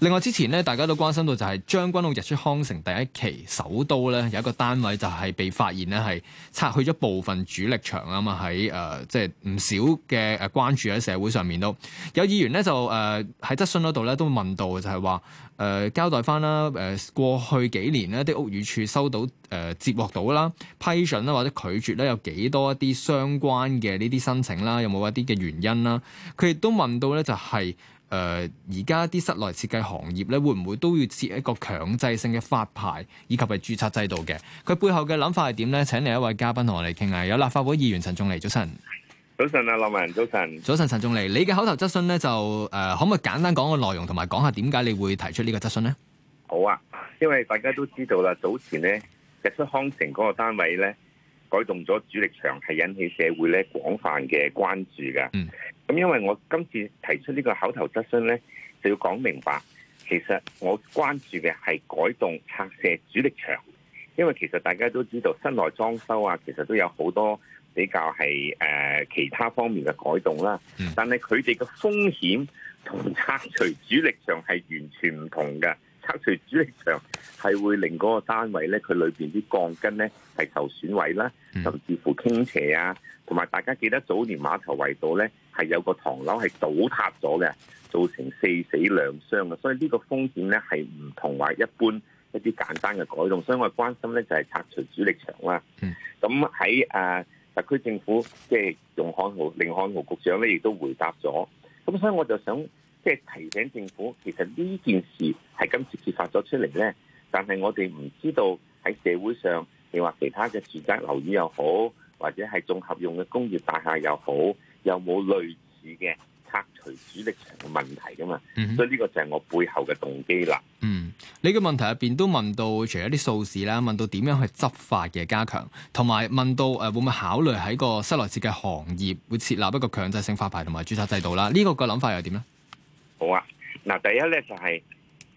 另外之前咧，大家都關心到就係將軍澳日出康城第一期首都咧，有一個單位就係被發現咧係拆去咗部分主力牆啊嘛，喺誒即係唔少嘅誒關注喺社會上面都有議員咧就誒喺、呃、質詢嗰度咧都問到就係話誒交代翻返啦，誒過去幾年呢啲屋宇署收到誒、呃、接獲到啦批准啦或者拒絕咧有幾多一啲相關嘅呢啲申請啦，有冇一啲嘅原因啦，佢亦都問到咧就係、是。誒而家啲室內設計行業咧，會唔會都要設一個強制性嘅發牌以及係註冊制度嘅？佢背後嘅諗法係點咧？請另一位嘉賓同我哋傾啊！有立法會議員陳仲尼，早晨。早晨啊，羅文，早晨。早晨，陳仲尼，你嘅口頭質詢咧就誒、呃，可唔可以簡單講個內容，同埋講下點解你會提出呢個質詢呢？好啊，因為大家都知道啦，早前呢，日出康城嗰個單位咧改動咗主力牆，係引起社會咧廣泛嘅關注噶。嗯。咁因為我今次提出呢個口頭質詢咧，就要講明白，其實我關注嘅係改動拆卸主力牆，因為其實大家都知道室內裝修啊，其實都有好多比較係誒、呃、其他方面嘅改動啦。但係佢哋嘅風險同拆除主力牆係完全唔同嘅。拆除主力牆係會令嗰個單位咧，佢裏邊啲鋼筋咧係受損毀啦，甚至乎傾斜啊，同埋大家記得早年馬頭圍道咧，係有個唐樓係倒塌咗嘅，造成四死兩傷嘅，所以呢個風險咧係唔同話一般一啲簡單嘅改動，所以我關心咧就係拆除主力牆啦。咁喺誒特區政府即係容漢豪、寧漢豪局長咧亦都回答咗，咁所以我就想即係提醒政府，其實呢件事係今次揭發咗出嚟，咧但係我哋唔知道喺社會上，你話其他嘅住宅樓宇又好，或者係綜合用嘅工業大廈又好。有冇類似嘅拆除主力牆嘅問題噶嘛？Mm hmm. 所以呢個就係我背後嘅動機啦。嗯，你嘅問題入邊都問到，除咗啲數字啦，問到點樣去執法嘅加強，同埋問到誒、呃、會唔會考慮喺個室內設計嘅行業會設立一個強制性發牌同埋註冊制度啦？呢、這個個諗法又點咧？好啊，嗱，第一咧就係、是。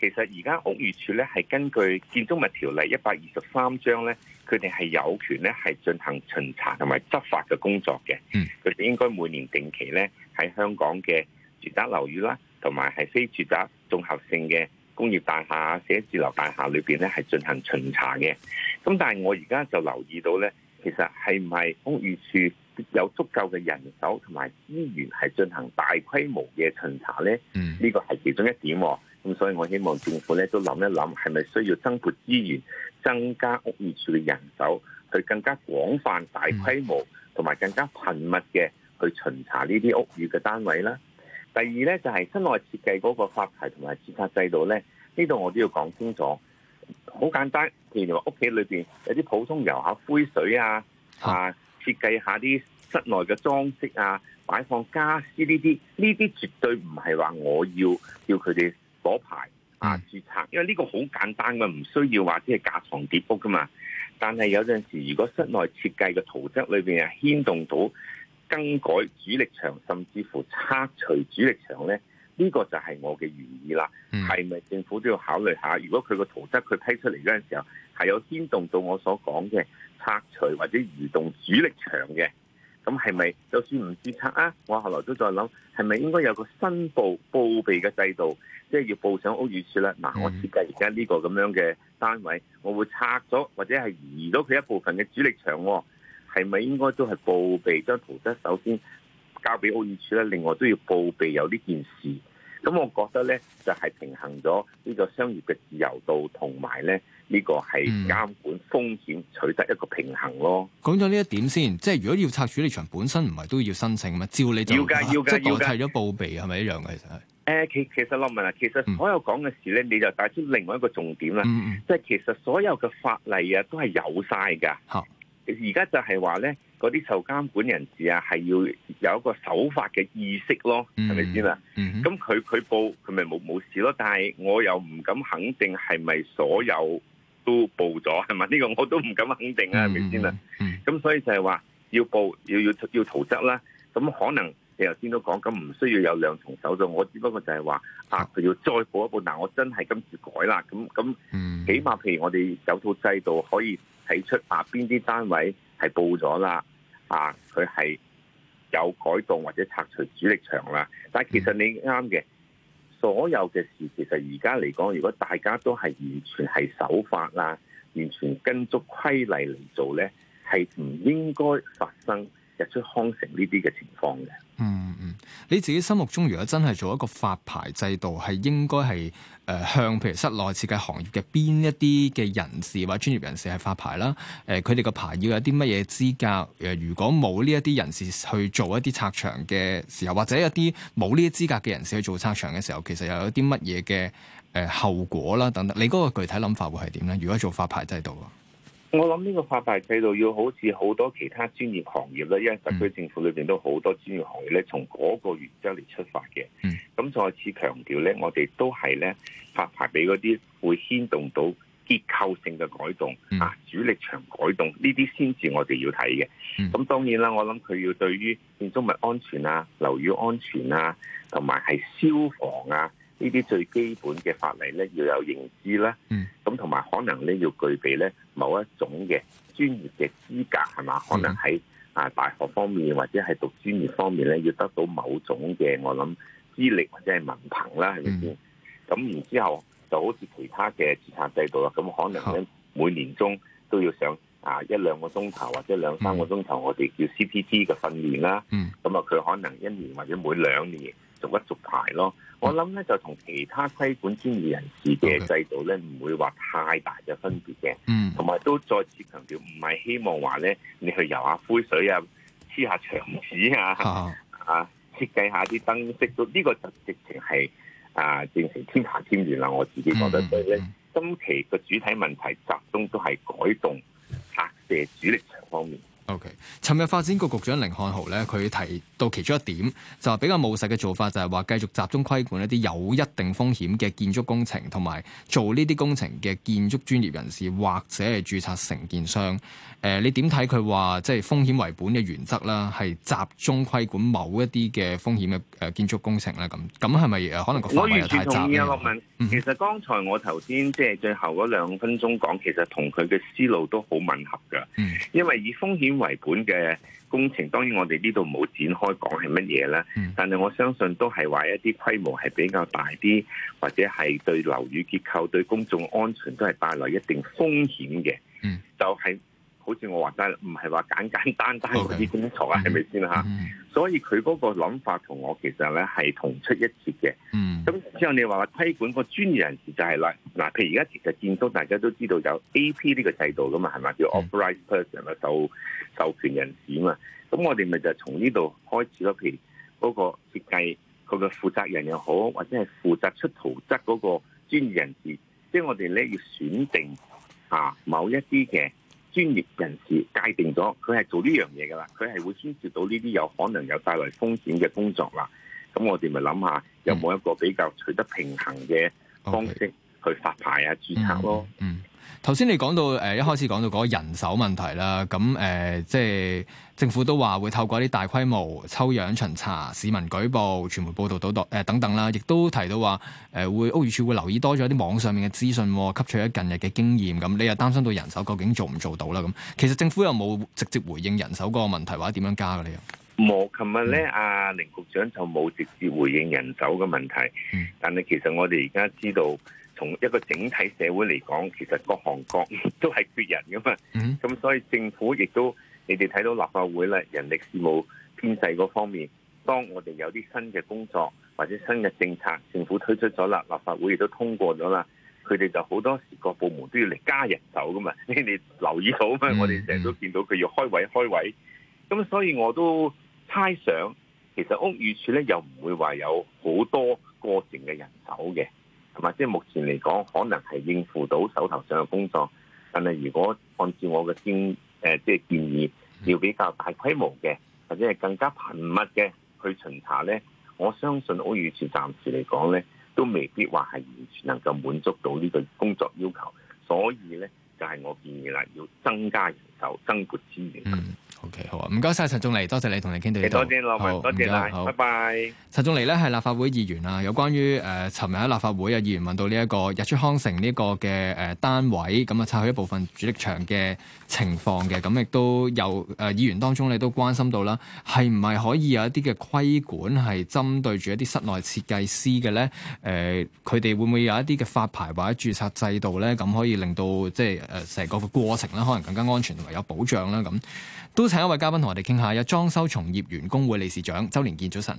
其實而家屋宇署咧係根據建築物條例一百二十三章咧，佢哋係有權咧係進行巡查同埋執法嘅工作嘅。佢哋應該每年定期咧喺香港嘅住宅樓宇啦，同埋係非住宅綜合性嘅工業大廈啊、寫字樓大廈裏邊咧係進行巡查嘅。咁但係我而家就留意到咧，其實係唔係屋宇署有足夠嘅人手同埋資源係進行大規模嘅巡查咧，呢個係其中一點。咁所以我希望政府咧都諗一諗，係咪需要增撥資源，增加屋宇署嘅人手，去更加廣泛、大規模同埋更加頻密嘅去巡查呢啲屋宇嘅單位啦。第二咧就係室內設計嗰個發牌同埋註冊制度咧，呢度我都要講清楚。好簡單，譬如話屋企裏邊有啲普通油下、灰水啊，啊。Mm. 設計下啲室內嘅裝飾啊，擺放傢俬呢啲，呢啲絕對唔係話我要叫佢哋攞牌啊，註冊，的因為呢個好簡單嘅，唔需要話即係隔床疊屋㗎嘛。但係有陣時，如果室內設計嘅圖則裏邊係牽動到更改主力牆，甚至乎拆除主力牆咧。呢個就係我嘅原意啦，係咪、嗯、政府都要考慮下？如果佢個圖則佢批出嚟嗰陣時候，係有牽動到我所講嘅拆除或者移動主力牆嘅，咁係咪就算唔註冊啊？我後來都再諗，係咪應該有個申報報備嘅制度，即係要報上屋宇署啦？嗱、嗯啊，我設計而家呢個咁樣嘅單位，我會拆咗或者係移咗佢一部分嘅主力牆、啊，係咪應該都係報備將圖則首先？交俾屋宇署咧，另外都要報備有呢件事，咁、嗯、我覺得咧就係、是、平衡咗呢個商業嘅自由度同埋咧呢個係監管風險取得一個平衡咯。嗯、講咗呢一點先，即係如果要拆處理場，本身唔係都要申請嘛？照你就要要即係代替咗報備係咪一樣嘅？其實係誒，其其實我問下，其實所有講嘅事咧，嗯、你就帶出另外一個重點啦，嗯、即係其實所有嘅法例啊都係有曬㗎。而家就係話咧，嗰啲受監管人士啊，係要有一個守法嘅意識咯，係咪先啦？咁佢佢報，佢咪冇冇事咯？但係我又唔敢肯定係咪所有都報咗，係咪呢個我都唔敢肯定啊？係咪先啦？咁、嗯嗯、所以就係話要報，要要要圖則啦。咁可能你頭先都講，咁唔需要有兩重手續。我只不過就係話啊，佢要再報一報。嗱，我真係今次改啦。咁咁，嗯，起碼譬如我哋有套制度可以。睇出啊，邊啲單位係報咗啦？啊，佢係有改動或者拆除主力牆啦。但係其實你啱嘅，所有嘅事其實而家嚟講，如果大家都係完全係守法啦，完全跟足規例嚟做咧，係唔應該發生。出康城呢啲嘅情況嘅，嗯嗯，你自己心目中如果真係做一個發牌制度，係應該係誒向譬如室內設計行業嘅邊一啲嘅人士或專業人士係發牌啦，誒佢哋個牌要有啲乜嘢資格？誒如果冇呢一啲人士去做一啲拆牆嘅時候，或者一啲冇呢啲資格嘅人士去做拆牆嘅時候，其實又有啲乜嘢嘅誒後果啦等等？你嗰個具體諗法會係點咧？如果做發牌制度我諗呢個發牌制度要好似好多其他專業行業啦，因為特區政府裏邊都好多專業行業咧，從嗰個原則嚟出發嘅。咁再次強調咧，我哋都係咧發牌俾嗰啲會牽動到結構性嘅改動、嗯、啊，主力牆改動呢啲先至我哋要睇嘅。咁當然啦，我諗佢要對於建築物安全啊、樓宇安全啊，同埋係消防啊。呢啲最基本嘅法例咧，要有認知啦，咁同埋可能咧，要具備咧某一種嘅專業嘅資格係嘛？嗯、可能喺啊大學方面或者係讀專業方面咧，要得到某種嘅我諗資歷或者係文憑啦，係咪先？咁、嗯、然之後就好似其他嘅註冊制度啦，咁可能咧、嗯、每年中都要上啊一兩個鐘頭或者兩三個鐘頭，我哋叫 CPT 嘅訓練啦，咁啊佢可能一年或者每兩年。逐一逐排咯，我諗咧就同其他規管專業人士嘅制度咧，唔會話太大嘅分別嘅，嗯，同埋都再次強調，唔係希望話咧你去游下、啊、灰水啊，黐下牆紙啊，啊，啊，設計下啲燈飾都呢、這個就直情係啊，變成天下添亂啦，我自己覺得，嗯、所以咧、嗯、今期個主題問題集中都係改動拆卸主力牆方面。O.K.，尋日發展局局長甯漢豪咧，佢提到其中一點，就係比較務實嘅做法，就係話繼續集中規管一啲有一定風險嘅建築工程，同埋做呢啲工程嘅建築專業人士或者係註冊承建商。誒、呃，你點睇佢話即係風險為本嘅原則啦？係集中規管某一啲嘅風險嘅誒建築工程咧？咁咁係咪誒？可能個範圍又太窄乘咧？個問嗯，其實剛才我頭先即係最後嗰兩分鐘講，其實同佢嘅思路都好吻合嘅。因為以風險維管嘅工程，嗯、當然我哋呢度冇展開講係乜嘢啦，但係我相信都係話一啲規模係比較大啲，或者係對樓宇結構、對公眾安全都係帶來一定風險嘅，就係、是。好似我話齋，唔係話簡簡單單嗰啲工作啊，係咪先嚇？所以佢嗰個諗法同我其實咧係同出一轍嘅。咁之、mm hmm. 後你話話規管個專業人士就係、是、啦，嗱，譬如而家其實見到大家都知道有 A P 呢個制度噶嘛，係咪？叫 Authorized Person 啊、mm，hmm. 授授權人士嘛。咁我哋咪就從呢度開始咯，譬如嗰個設計佢嘅負責人又好，或者係負責出圖則嗰個專業人士，即、就、係、是、我哋咧要選定啊某一啲嘅。專業人士界定咗，佢係做呢樣嘢㗎喇，佢係會牽涉到呢啲有可能有帶來風險嘅工作啦。咁我哋咪諗下，有冇一個比較取得平衡嘅方式去發牌啊、註冊咯？嗯。嗯。頭先你講到誒、呃，一開始講到嗰個人手問題啦，咁、嗯、誒、呃，即係政府都話會透過一啲大規模抽樣巡查、市民舉報、傳媒報道到多誒、呃、等等啦，亦都提到話誒、呃、會屋宇署會留意多咗一啲網上面嘅資訊，哦、吸取咗近日嘅經驗。咁、嗯、你又擔心到人手究竟做唔做到啦？咁、嗯、其實政府有冇直接回應人手嗰個問題或者點樣加嘅咧？冇，琴日咧阿甯局長就冇直接回應人手嘅問題，嗯、但係其實我哋而家知道。從一個整體社會嚟講，其實各行各都係缺人㗎嘛。咁、mm hmm. 所以政府亦都，你哋睇到立法會咧人力事務編制嗰方面，當我哋有啲新嘅工作或者新嘅政策，政府推出咗啦，立法會亦都通過咗啦，佢哋就好多時個部門都要嚟加人手㗎嘛。 你哋留意到咩？Mm hmm. 我哋成日都見到佢要開位開位，咁所以我都猜想，其實屋宇署咧又唔會話有好多。講可能係應付到手頭上嘅工作，但係如果按照我嘅建誒，即、呃、係、就是、建議，要比較大規模嘅，或者係更加頻密嘅去巡查咧，我相信我預設暫時嚟講咧，都未必話係完全能夠滿足到呢個工作要求，所以咧就係、是、我建議啦，要增加人手，增撥資源。嗯 O.K. 好啊，唔該晒，陳仲尼，多謝，謝你同你哋傾到呢度。多謝羅多謝啦，好，拜拜。陳仲尼咧係立法會議員啊，有關於誒尋、呃、日喺立法會啊，議員問到呢一個日出康城呢個嘅誒單位咁啊拆去一部分主力牆嘅情況嘅，咁亦都有誒、呃、議員當中你都關心到啦，係唔係可以有一啲嘅規管係針對住一啲室內設計師嘅咧？誒、呃，佢哋會唔會有一啲嘅發牌或者註冊制度咧？咁可以令到即係誒成個嘅過程咧，可能更加安全同埋有保障啦咁。都請一位嘉賓同我哋傾下，有裝修從業員工會理事長周連建，早晨。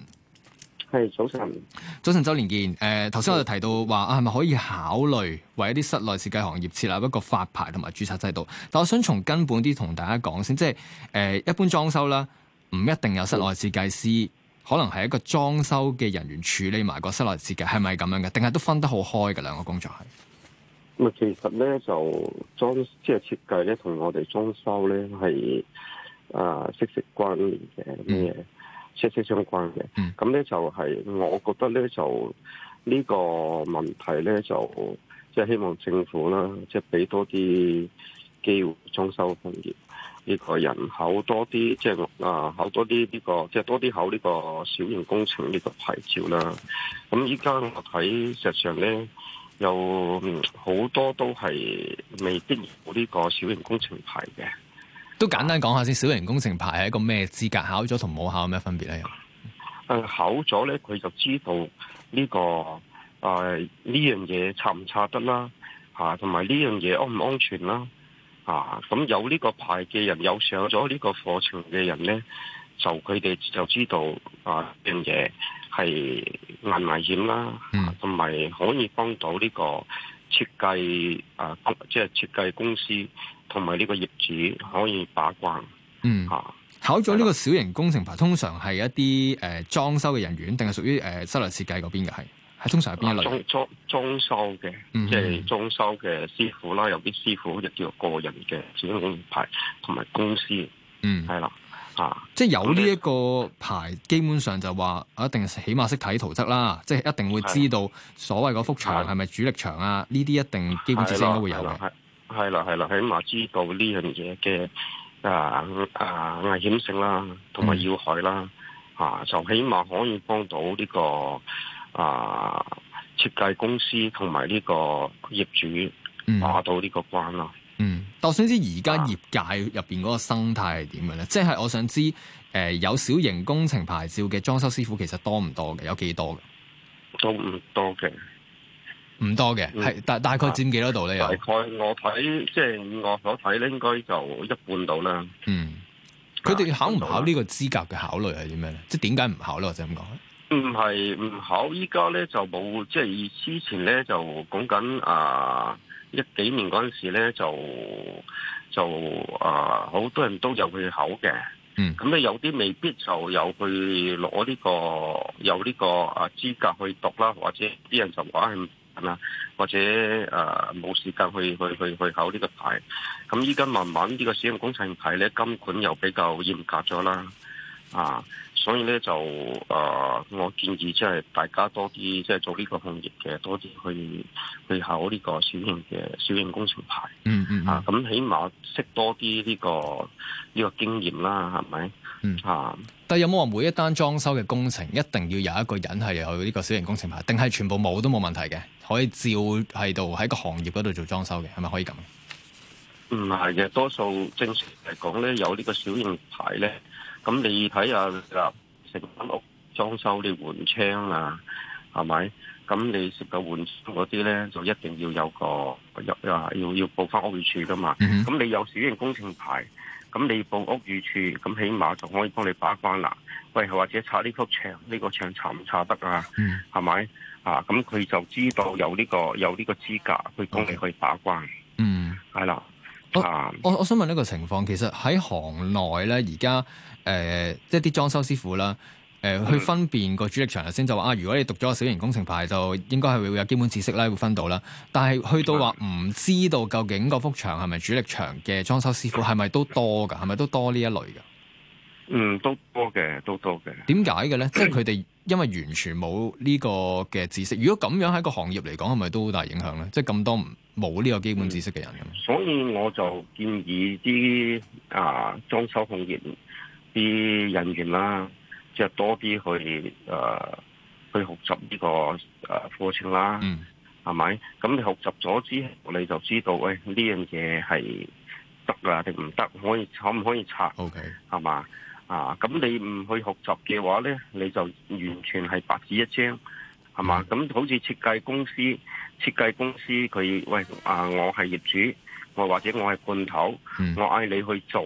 係早晨，早晨周連建。誒、呃，頭先我哋提到話啊，係咪可以考慮為一啲室內設計行業設立一個發牌同埋註冊制度？但我想從根本啲同大家講先，即係誒、呃，一般裝修啦，唔一定有室內設計師，嗯、可能係一個裝修嘅人員處理埋個室內設計，係咪咁樣嘅？定係都分得好開嘅兩個工作係？唔係，其實咧就裝即係設計咧，同我哋裝修咧係。啊，息息關聯嘅，乜嘢息息相關嘅，咁咧、嗯、就係我覺得咧就呢個問題咧就即係希望政府啦，即係俾多啲機會裝修工業呢、這個人口多啲，即、就、係、是、啊考多啲呢、這個即係、就是、多啲考呢個小型工程呢個牌照啦。咁依家我睇實際上咧，有好多都係未必有呢個小型工程牌嘅。都簡單講下先，小型工程牌係一個咩資格？考咗同冇考有咩分別咧？考咗咧，佢就知道呢、呢個誒呢、呃、樣嘢拆唔拆得啦，嚇，同埋呢樣嘢安唔安全啦，啊，咁有呢、啊、個牌嘅人，有上咗呢個課程嘅人咧，就佢哋就知道啊、呃、樣嘢係危唔危險啦，同埋、嗯、可以幫到呢個設計啊，即、呃、係、就是、設計公司。同埋呢個業主可以把關。嗯。吓，考咗呢個小型工程牌，通常係一啲誒裝修嘅人員，定係屬於誒室內設計嗰邊嘅係？係通常係邊一類？裝裝裝修嘅，即係裝修嘅師傅啦，有啲師傅就叫做個人嘅小型工程牌，同埋公司。嗯，係啦。吓，即係有呢一個牌，基本上就話一定起碼識睇圖則啦，即係一定會知道所謂嗰幅牆係咪主力牆啊？呢啲一定基本知識應該會有嘅。係啦，係啦，起碼知道呢樣嘢嘅啊啊危險性啦，同埋要害啦，吓、嗯啊、就起碼可以幫到呢、呢個啊設計公司同埋呢個業主把、嗯、到呢個關啦。嗯，但我想知而家業界入邊嗰個生態係點樣咧？啊、即係我想知，誒、呃、有小型工程牌照嘅裝修師傅其實多唔多嘅？有幾多嘅？都唔多嘅。唔多嘅，係、嗯、大大概佔幾多度咧？大概，大概我睇，即、就、係、是、我所睇咧，應該就一半到啦。嗯，佢哋考唔考，個資考呢個資格嘅考慮係點樣咧？即係點解唔考咧？或者咁講，唔係唔考，依家咧就冇，即係之前咧就講緊啊一幾年嗰陣時咧就就啊好多人都有去考嘅。嗯，咁咧有啲未必就有去攞呢個有呢個啊資格去讀啦，或者啲人就話係。啦，或者誒冇、呃、時間去去去去考呢個牌，咁依家慢慢呢個小型工程牌咧，監管又比較嚴格咗啦，啊，所以咧就誒、呃，我建議即係大家多啲即係做呢個行業嘅，多啲去去考呢個小型嘅小型工程牌，嗯嗯，嗯嗯啊，咁起碼識多啲呢、呢個呢、呢個經驗啦，係咪？嗯啊，但係有冇話每一單裝修嘅工程一定要有一個人係有呢個小型工程牌，定係全部冇都冇問題嘅？可以照喺度喺個行業嗰度做裝修嘅，係咪可以咁？唔係嘅，多數正常嚟講咧，有呢個小型牌咧，咁你睇下嗱，成間屋裝修你換窗啊，係咪？咁你涉及換窗嗰啲咧，就一定要有個入啊，要要報翻屋宇處噶嘛。咁、mm hmm. 你有小型工程牌，咁你報屋宇處，咁起碼就可以幫你把關啦。喂，或者拆呢幅牆，呢、這個牆拆唔拆得啊？係咪、mm？Hmm. 啊，咁佢就知道有呢、呢個有呢個資格去幫你去把關 Okay. 嗯。嗯，係啦。我我想問呢個情況，其實喺行內呢，而家誒，即係啲裝修師傅啦，誒、呃，去分辨個主力牆、嗯、先就話啊，如果你讀咗個小型工程牌，就應該係會有基本知識啦，會分到啦。但係去到話唔知道究竟嗰幅牆係咪主力牆嘅裝修師傅，係咪都多噶？係咪、嗯、都多呢一類噶？嗯，都多嘅，都多嘅。點解嘅咧？是即係佢哋因為完全冇呢個嘅知識。如果咁樣喺個行業嚟講，係咪都好大影響咧？即係咁多冇呢個基本知識嘅人，嗯。所以我就建議啲啊裝修行業啲人員啦，即、啊、係多啲去誒、啊、去學習呢、這個誒課程啦。啊、嗯，係咪？咁你學習咗之後，你就知道誒呢樣嘢係得啊定唔得？可以可唔可以拆？OK，係嘛？Okay. 啊，咁你唔去學習嘅話咧，你就完全係白紙一張，係嘛？咁好似設計公司，設計公司佢喂啊，我係業主，我或者我係判頭，我嗌你去做，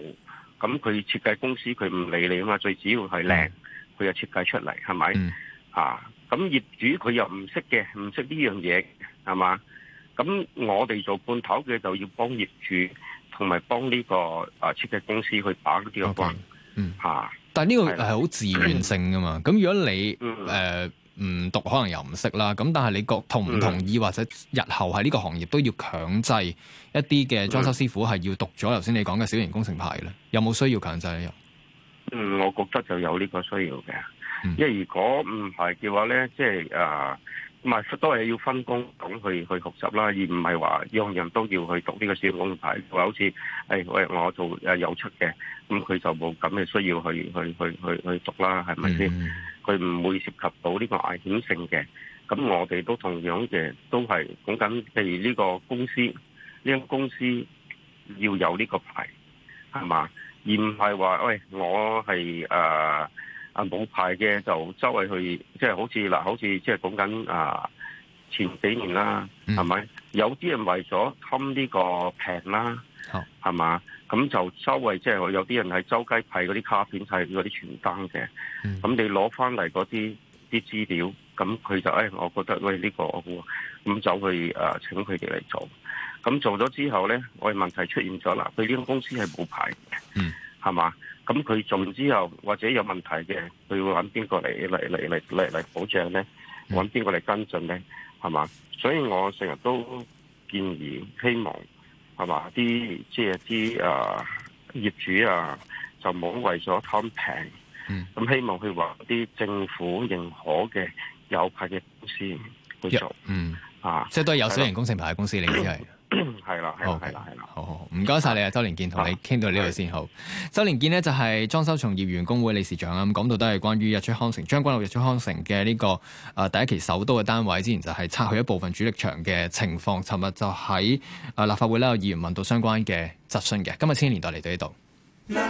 咁佢設計公司佢唔理你啊嘛，最主要係靚，佢又設計出嚟，係咪？啊，咁業主佢又唔識嘅，唔識呢樣嘢，係嘛？咁我哋做判頭嘅就要幫業主，同埋幫呢個啊設計公司去把呢啲個關。嗯吓，但係呢個係好自願性噶嘛？咁 如果你誒唔、呃、讀，可能又唔識啦。咁但係你同唔同意 或者日後喺呢個行業都要強制一啲嘅裝修師傅係要讀咗？頭先你講嘅小型工程牌咧，有冇需要強制呢？嗯，我覺得就有呢個需要嘅，嗯、因為如果唔係嘅話咧，即係啊。呃唔係都係要分工咁去去學習啦，而唔係話樣樣都要去讀呢個小工牌，話好似喂我做誒有出嘅，咁佢就冇咁嘅需要去去去去去讀啦，係咪先？佢唔會涉及到呢個危險性嘅。咁我哋都同樣嘅，都係講緊譬如呢個公司，呢間公司要有呢個牌，係嘛？而唔係話喂我係誒。冇牌嘅就周圍去，即係好似嗱，好似即係講緊啊、呃、前幾年啦，係咪、mm.？有啲人為咗貪呢個平啦，係嘛、oh.？咁就周圍即係有啲人係周街派嗰啲卡片、派嗰啲傳單嘅。咁、mm. 你攞翻嚟嗰啲啲資料，咁佢就誒、哎，我覺得喂呢、這個咁，咁就去啊、呃、請佢哋嚟做。咁做咗之後咧，我哋問題出現咗啦，佢呢間公司係冇牌嘅，係嘛？Mm. 咁佢仲之後或者有問題嘅，佢會揾邊個嚟嚟嚟嚟嚟嚟保障咧？揾邊個嚟跟進咧？係嘛？所以我成日都建議希望係嘛？啲即係啲啊業主啊，就冇為咗貪平，咁希望佢揾啲政府認可嘅有派嘅公司去做。嗯，嗯啊，即係都係有小型工程牌嘅公司嚟嘅係。吧 係啦，好係啦，係 啦，Okay. 好好，唔該晒你啊，周連建，同你傾到呢度先好。周連建呢就係裝修從業員工會理事長啊，咁講到都係關於日出康城、將軍澳日出康城嘅呢個誒第一期首都嘅單位，之前就係拆去一部分主力牆嘅情況。尋日就喺誒立法會呢有議員問到相關嘅質詢嘅，今日千年代嚟到呢度。